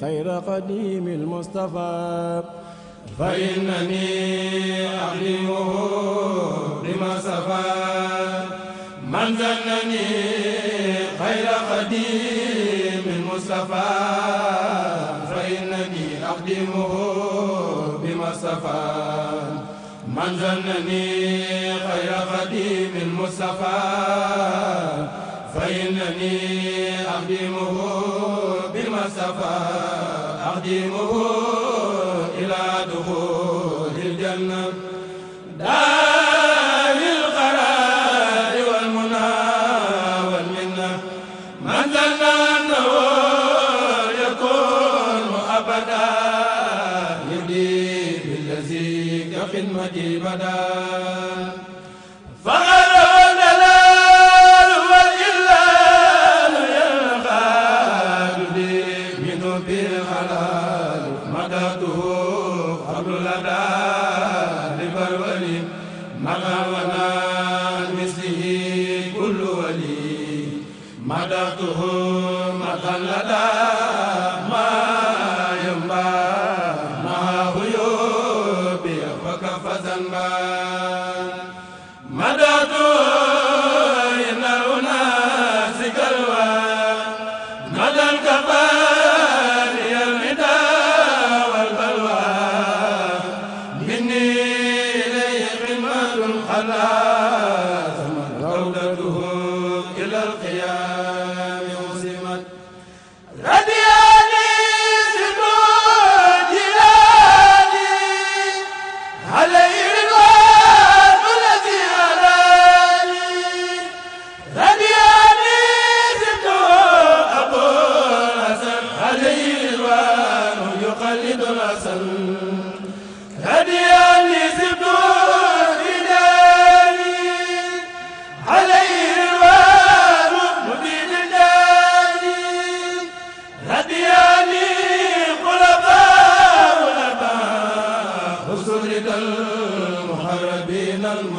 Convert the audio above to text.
خير قديم المصطفى فإنني أخدمه بما صفى من زنني خير قديم المصطفى فإنني أخدمه بما صفى من زنني خير قديم المصطفى فإنني أخدمه المصطفى أخدمه إلى دخول الجنة دار القرار والمنى والمنة من ظن أنه يكون أبدا يبدي بالذي كخدمتي بدا فغير ba